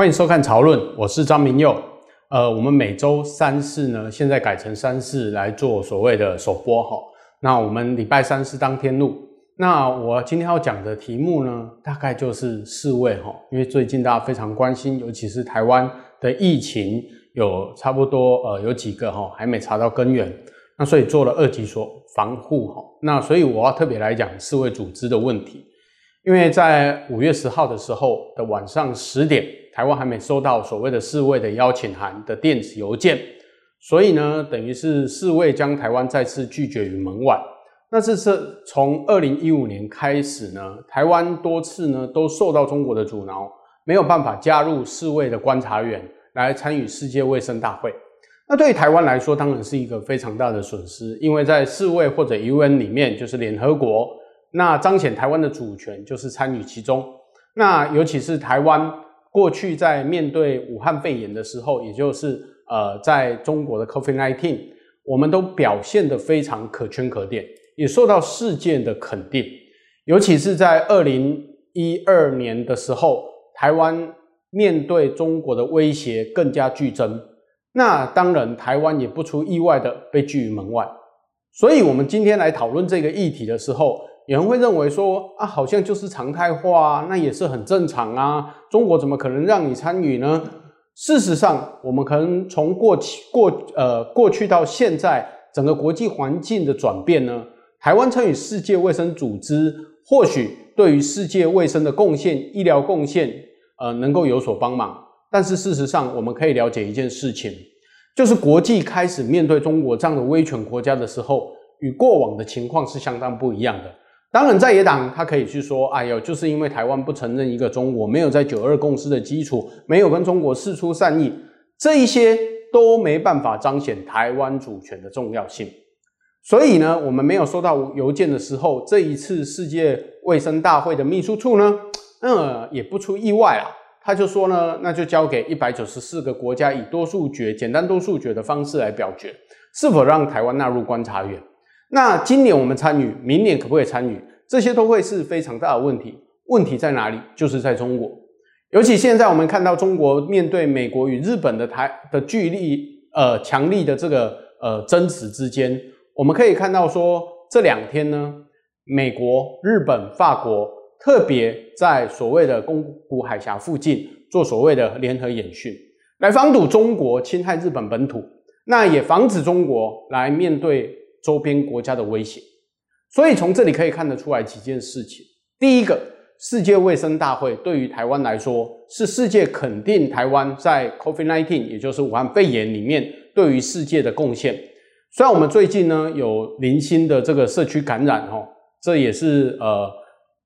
歡迎收看《潮論》，我是張明佑。呃，我們每周三、四呢，現在改成三、四來做所謂的首播哈。那我們禮拜三是當天錄。那我今天要講的題目呢，大概就是世衛哈，因為最近大家非常關心，尤其是台灣的疫情，有差不多呃有幾個哈，還沒查到根源。那所以做了二級所防護哈。那所以我要特別來講世衛組織的問題。因為在五月十號的時候的晚上十點，台灣還沒收到所謂的世衛的邀請函的電子郵件，所以呢，等於是世衛將台灣再次拒絕於門外。那這是從二零一五年開始呢，台灣多次呢都受到中國的阻撓，沒有辦法加入世衛的觀察員來參與世界衛生大會。那對於台灣來說，當然是一個非常大的損失，因為在世衛或者 UN 裡面，就是聯合國。那彰顯台灣的主權就是參與其中。那尤其是台灣過去在面對武漢肺炎的時候，也就是呃在中國的 COVID-19，我們都表現得非常可圈可點，也受到世界的肯定。尤其是在二零一二年的時候，台灣面對中國的威脅更加劇增。那當然，台灣也不出意外的被拒於門外。所以我們今天來討論這個議題的時候，有人會認為說啊，好像就是常態化啊，那也是很正常啊。中國怎麼可能讓你參與呢？事實上，我們可能從過去過呃過去到現在，整個國際環境的轉變呢，台灣參與世界衛生組織，或許對於世界衛生的貢獻、醫療貢獻呃能夠有所幫忙。但是事實上，我們可以了解一件事情，就是國際開始面對中國這樣的威權國家的時候，與過往的情況是相當不一樣的。當然，在野黨他可以去說：“哎呦，就是因為台灣不承認一個中國，沒有在九二共識的基礎，沒有跟中國釋出善意，這一些都沒辦法彰顯台灣主權的重要性。”所以呢，我們沒有收到郵件的時候，這一次世界衛生大會的秘書處呢，呃、嗯，也不出意外啊，他就說呢，那就交給一百九十四個國家以多數決、簡單多數決的方式來表決，是否讓台灣納入觀察員。那今年我們參與，明年可不可以參與？這些都會是非常大的問題。問題在哪裡？就是在中國，尤其現在我們看到中國面對美國與日本的台的距離呃強力的這個呃爭執之間，我們可以看到說這兩天呢，美國、日本、法國特別在所謂的宮古海峽附近做所謂的聯合演訓，來防堵中國侵害日本本土，那也防止中國來面對。周邊國家的威脅，所以從這裡可以看得出來幾件事情。第一個，世界衛生大會對於台灣來說，是世界肯定台灣在 COVID-19，也就是武漢肺炎裡面對於世界的貢獻。雖然我們最近呢有零星的這個社區感染哦、喔，這也是呃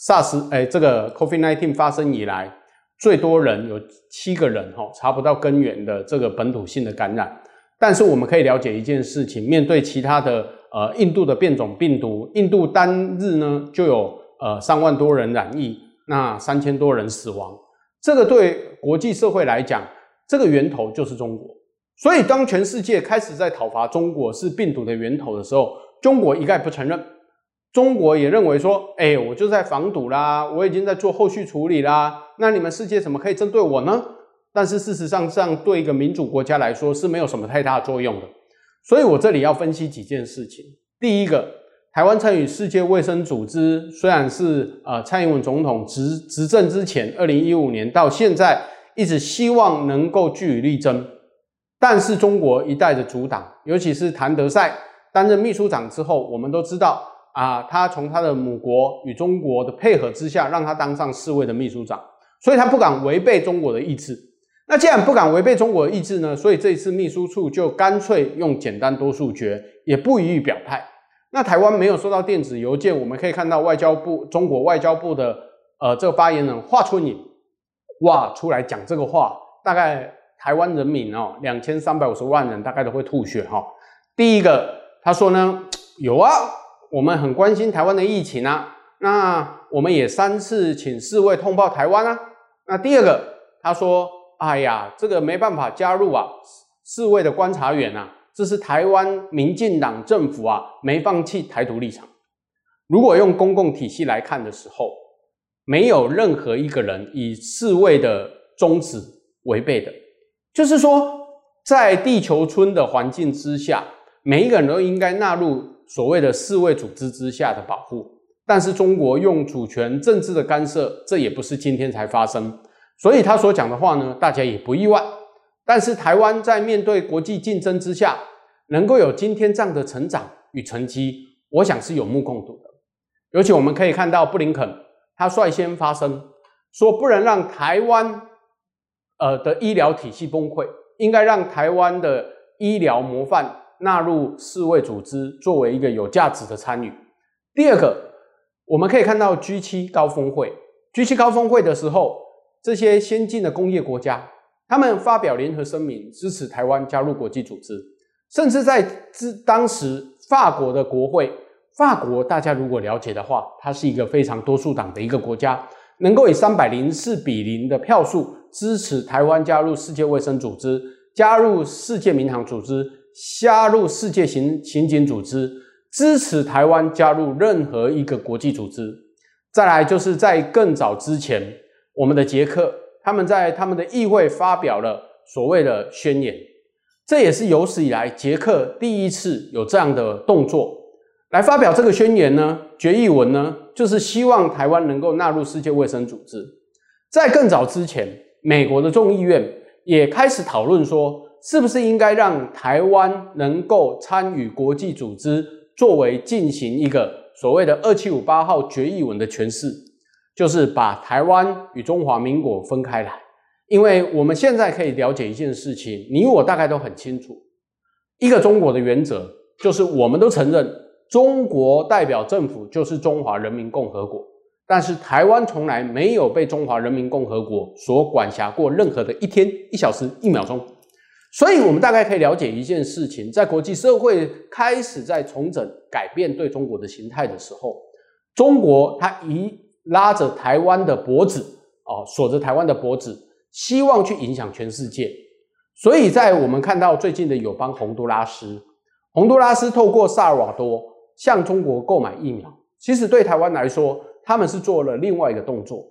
SARS 哎、欸、這個 COVID-19 發生以來最多人有七個人哈、喔、查不到根源的這個本土性的感染，但是我們可以了解一件事情：面對其他的。呃，印度的變種病毒，印度單日呢就有呃三萬多人染疫，那三千多人死亡。這個對國際社會來講，這個源頭就是中國。所以當全世界開始在討伐中國是病毒的源頭的時候，中國一概不承認。中國也認為說，哎、欸，我就在防堵啦，我已經在做後續處理啦。那你們世界怎麼可以針對我呢？但是事實上，這樣對一個民主國家來說是沒有什麼太大的作用的。所以我這裡要分析幾件事情。第一個，台灣參與世界衛生組織，雖然是呃蔡英文總統執執政之前，二零一五年到現在一直希望能夠據理力爭，但是中國一代的阻擋，尤其是譚德塞擔任秘書長之後，我們都知道啊、呃，他從他的母國與中國的配合之下，讓他當上世衛的秘書長，所以他不敢違背中國的意志。那既然不敢違背中國的意志呢，所以這一次秘書處就乾脆用簡單多數決，也不予以表態。那台灣沒有收到電子郵件，我們可以看到外交部中國外交部的呃這個發言人華春瑩，哇出來講這個話，大概台灣人民哦，兩千三百五十萬人大概都會吐血哈、喔。第一個他說呢，有啊，我們很關心台灣的疫情啊，那我們也三次請世衛通報台灣啊。那第二個他說。哎呀，這個沒辦法加入啊！世衛的觀察員啊，這是台灣民進黨政府啊沒放棄台獨立場。如果用公共體系來看的時候，沒有任何一個人以世衛的宗旨違背的，就是說，在地球村的環境之下，每一個人都應該納入所謂的世衛組織之下的保護。但是中國用主權政治的干涉，這也不是今天才發生。所以他所講的話呢，大家也不意外。但是台灣在面對國際競爭之下，能夠有今天這樣的成長與成績，我想是有目共睹的。尤其我們可以看到布林肯，他率先發聲，說不能讓台灣呃的醫療體系崩潰，應該讓台灣的醫療模範納入世衛組織，作為一個有價值的參與。第二個，我們可以看到 G7 高峰會，G7 高峰會的時候。這些先進的工業國家，他們發表聯合聲明，支持台灣加入國際組織，甚至在之當時，法國的國會，法國大家如果了解的話，它是一個非常多數黨的一個國家，能夠以三百零四比零的票數支持台灣加入世界衛生組織、加入世界民航組織、加入世界刑刑警組織，支持台灣加入任何一個國際組織。再來，就是在更早之前。我們的捷克，他們在他們的議會發表了所謂的宣言，這也是有史以來捷克第一次有這樣的動作來發表這個宣言呢，決議文呢，就是希望台灣能夠納入世界衛生組織。在更早之前，美國的眾議院也開始討論說，是不是應該讓台灣能夠參與國際組織，作為進行一個所謂的二七五八號決議文的詮釋。就是把台灣與中華民國分開來，因為我們現在可以了解一件事情，你我大概都很清楚，一個中國的原則就是我們都承認中國代表政府就是中華人民共和國，但是台灣從來沒有被中華人民共和國所管轄過任何的一天、一小時、一秒鐘，所以我們大概可以了解一件事情，在國際社會開始在重整、改變對中國的形態的時候，中國它一。拉着台灣的脖子啊，鎖着台灣的脖子，希望去影響全世界。所以在我們看到最近的友邦洪都拉斯，洪都拉斯透過薩爾瓦多向中國購買疫苗。其實對台灣來說，他們是做了另外一個動作。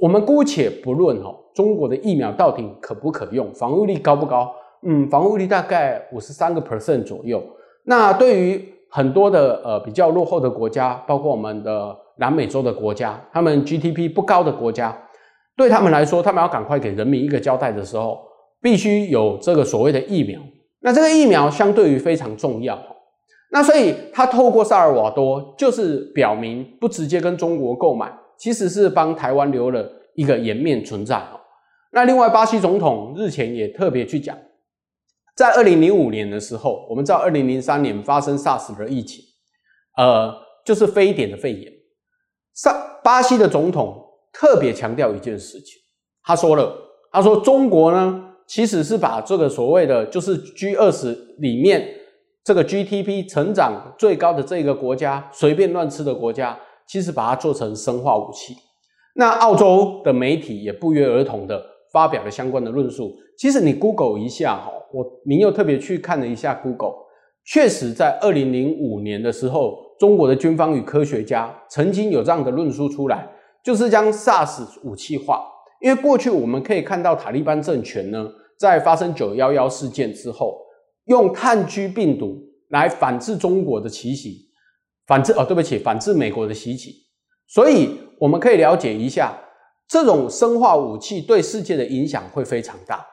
我們姑且不論中國的疫苗到底可不可用，防護力高不高？嗯，防護力大概五十三個 percent 左右。那對於很多的呃比較落後的國家，包括我們的。南美洲的國家，他們 GDP 不高的國家，對他們來說，他們要趕快給人民一個交代的時候，必須有這個所謂的疫苗。那這個疫苗相對於非常重要，那所以他透過薩爾瓦多，就是表明不直接跟中國購買，其實是幫台灣留了一個顏面存在哦。那另外，巴西總統日前也特別去講，在二零零五年的時候，我們在二零零三年發生 SARS 的疫情，呃，就是非典的肺炎。上巴西的總統特別強調一件事情，他說了：“他說中國呢，其實是把這個所謂的就是 G 二十裡面這個 GDP 成長最高的這個國家，隨便亂吃的國家，其實把它做成生化武器。”那澳洲的媒體也不約而同的發表了相關的論述。其實你 Google 一下哈，我您又特別去看了一下 Google，確實在二零零五年的時候。中國的軍方與科學家曾經有這樣的論述出來，就是將 SARS 武器化。因為過去我們可以看到塔利班政權呢，在發生911事件之後，用炭疽病毒來反制中國的奇襲，襲，反制，哦，對不起，反制美國的襲擊。所以我們可以了解一下，這種生化武器對世界的影響會非常大，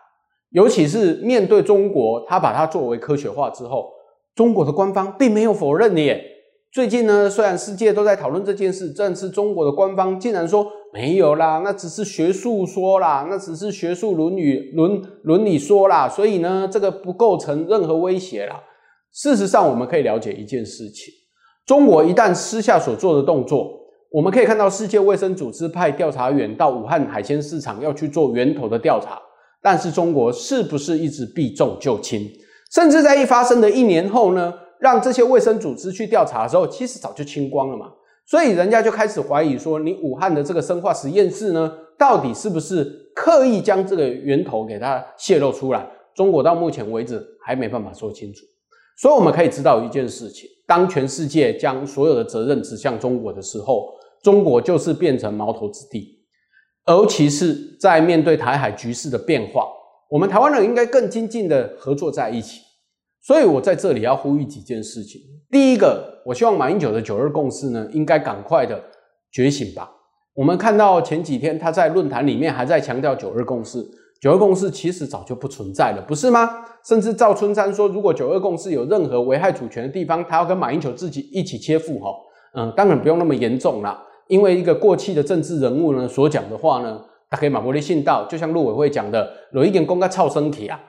尤其是面對中國，他把它作為科學化之後，中國的官方並沒有否認耶。最近呢，雖然世界都在討論這件事，但是中國的官方竟然說沒有啦，那只是學術說啦，那只是學術倫理倫理說啦，所以呢，這個不構成任何威脅啦。事實上，我們可以了解一件事情：中國一旦私下所做的動作，我們可以看到世界衛生組織派調查員到武漢海鮮市場要去做源頭的調查，但是中國是不是一直避重就輕？甚至在一發生的一年後呢？讓這些衛生組織去調查的時候，其實早就清光了嘛，所以人家就開始懷疑說，你武漢的這個生化實驗室呢，到底是不是刻意將這個源頭給它洩露出來？中國到目前為止還沒辦法說清楚。所以我們可以知道一件事情：當全世界將所有的責任指向中國的時候，中國就是變成矛頭之地。尤其是在面對台海局勢的變化，我們台灣人應該更精進的合作在一起。所以我在這裡要呼籲幾件事情。第一個，我希望馬英九的九二共識呢，應該趕快的覺醒吧。我們看到前幾天他在論壇裡面還在強調九二共識，九二共識其實早就不存在了，不是嗎？甚至趙春山說，如果九二共識有任何危害主權的地方，他要跟馬英九自己一起切腹哈。嗯，當然不用那麼嚴重啦，因為一個過氣的政治人物呢，所講的話呢，他可以馬國立信道，就像陸委會講的，有一點公家操身體啊。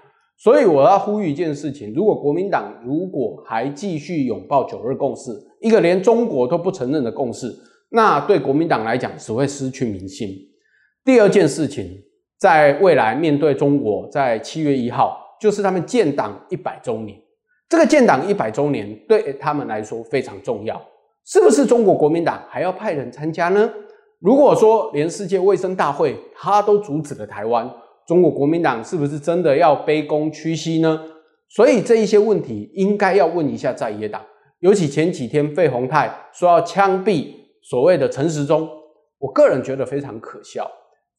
所以我要呼籲一件事情，如果國民黨如果還繼續擁抱九二共識，一個連中國都不承認的共識，那對國民黨來講只會失去民心。第二件事情，在未來面對中國在7月1號，在七月一號就是他們建黨一百周年，這個建黨一百周年對他們來說非常重要，是不是中國國民黨還要派人參加呢？如果說連世界衛生大會他都阻止了台灣。中國國民黨是不是真的要卑躬屈膝呢？所以這一些問題應該要問一下在野黨，尤其，前幾天費鴻泰說要槍斃所謂的陳時中，我個人覺得非常可笑。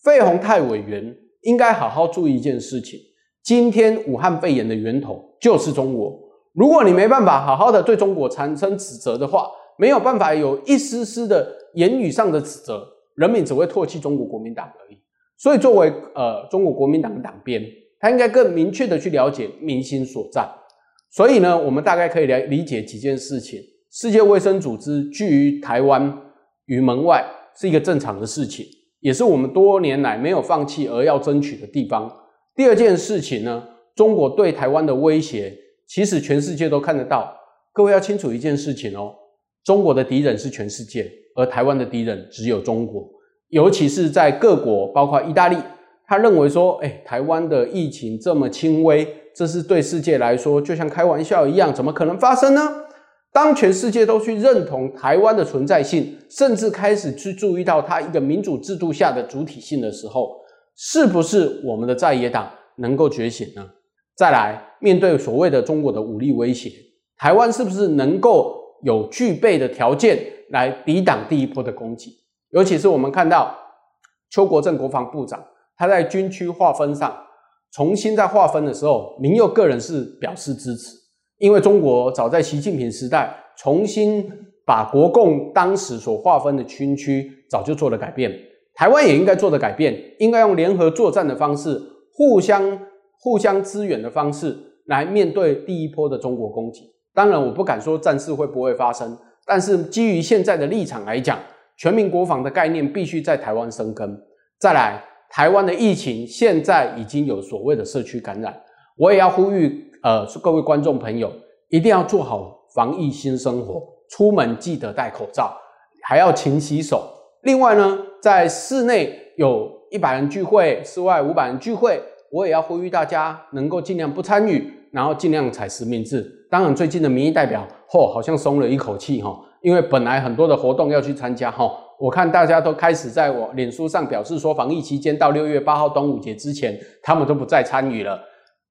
費鴻泰委員應該好好注意一件事情，今天武漢肺炎的源頭就是中國。如果你沒辦法好好的對中國產生指責的話，沒有辦法有一絲絲的言語上的指責，人民只會唾棄中國國民黨而已。所以，作為呃中國國民黨的黨鞭，他應該更明確的去了解民心所在。所以呢，我們大概可以來理解幾件事情：世界衛生組織拒於台灣於門外是一個正常的事情，也是我們多年來沒有放棄而要爭取的地方。第二件事情呢，中國對台灣的威脅，其實全世界都看得到。各位要清楚一件事情哦：中國的敵人是全世界，而台灣的敵人只有中國。尤其是在各國，包括意大利，他認為說：“哎，台灣的疫情這麼輕微，這是對世界來說就像開玩笑一樣，怎麼可能發生呢？”當全世界都去認同台灣的存在性，甚至開始去注意到它一個民主制度下的主體性的時候，是不是我們的在野黨能夠覺醒呢？再來，面對所謂的中國的武力威脅，台灣是不是能夠有具備的條件來抵擋第一波的攻擊？尤其是我們看到邱國正國防部長，他在軍區劃分上重新在劃分的時候，民佑個人是表示支持，因為中國早在習近平時代重新把國共當時所劃分的軍區早就做了改變，台灣也應該做的改變，應該用聯合作戰的方式，互相互相支援的方式來面對第一波的中國攻擊。當然，我不敢說戰事會不會發生，但是基於現在的立場來講。全民國防的概念必須在台灣生根。再來，台灣的疫情現在已經有所謂的社區感染，我也要呼籲，呃，各位觀眾朋友一定要做好防疫新生活，出門記得戴口罩，還要勤洗手。另外呢，在室內有一百人聚會，室外五百人聚會，我也要呼籲大家能夠盡量不參與，然後盡量採實名制。當然，最近的民意代表嚯、哦，好像鬆了一口氣吼因為本來很多的活動要去參加齁、哦，我看大家都開始在我臉書上表示說，防疫期間到六月八號端午節之前，他們都不再參與了。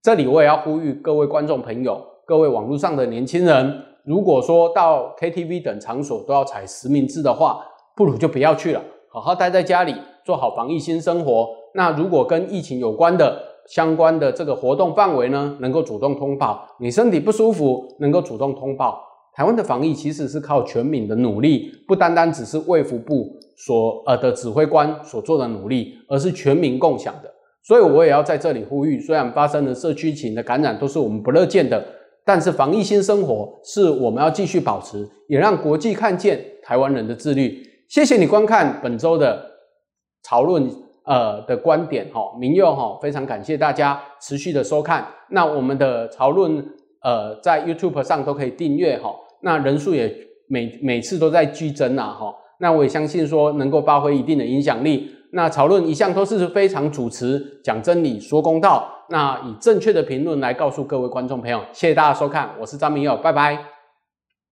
這裡我也要呼籲各位觀眾朋友，各位網絡上的年輕人，如果說到 KTV 等場所都要採實名制的話，不如就不要去了，好好待在家裡，做好防疫新生活。那如果跟疫情有關的相關的這個活動範圍呢，能夠主動通報，你身體不舒服能夠主動通報。台灣的防疫其實是靠全民的努力，不單單只是衛福部所呃的指揮官所做的努力，而是全民共享的。所以我也要在這裡呼籲，雖然發生了社區情的感染都是我們不樂見的，但是防疫新生活是我們要繼續保持，也讓國際看見台灣人的自律。謝謝你觀看本周的潮論呃的觀點哈，民用哈，非常感謝大家持續的收看。那我們的潮論呃在 YouTube 上都可以訂閱哈。呃那人數也每每次都在激增啊，齁，那我也相信說能夠發揮一定的影響力。那潮論一向都是非常主持講真理、說公道，那以正確的評論來告訴各位觀眾朋友，謝謝大家收看，我是張明友，拜拜。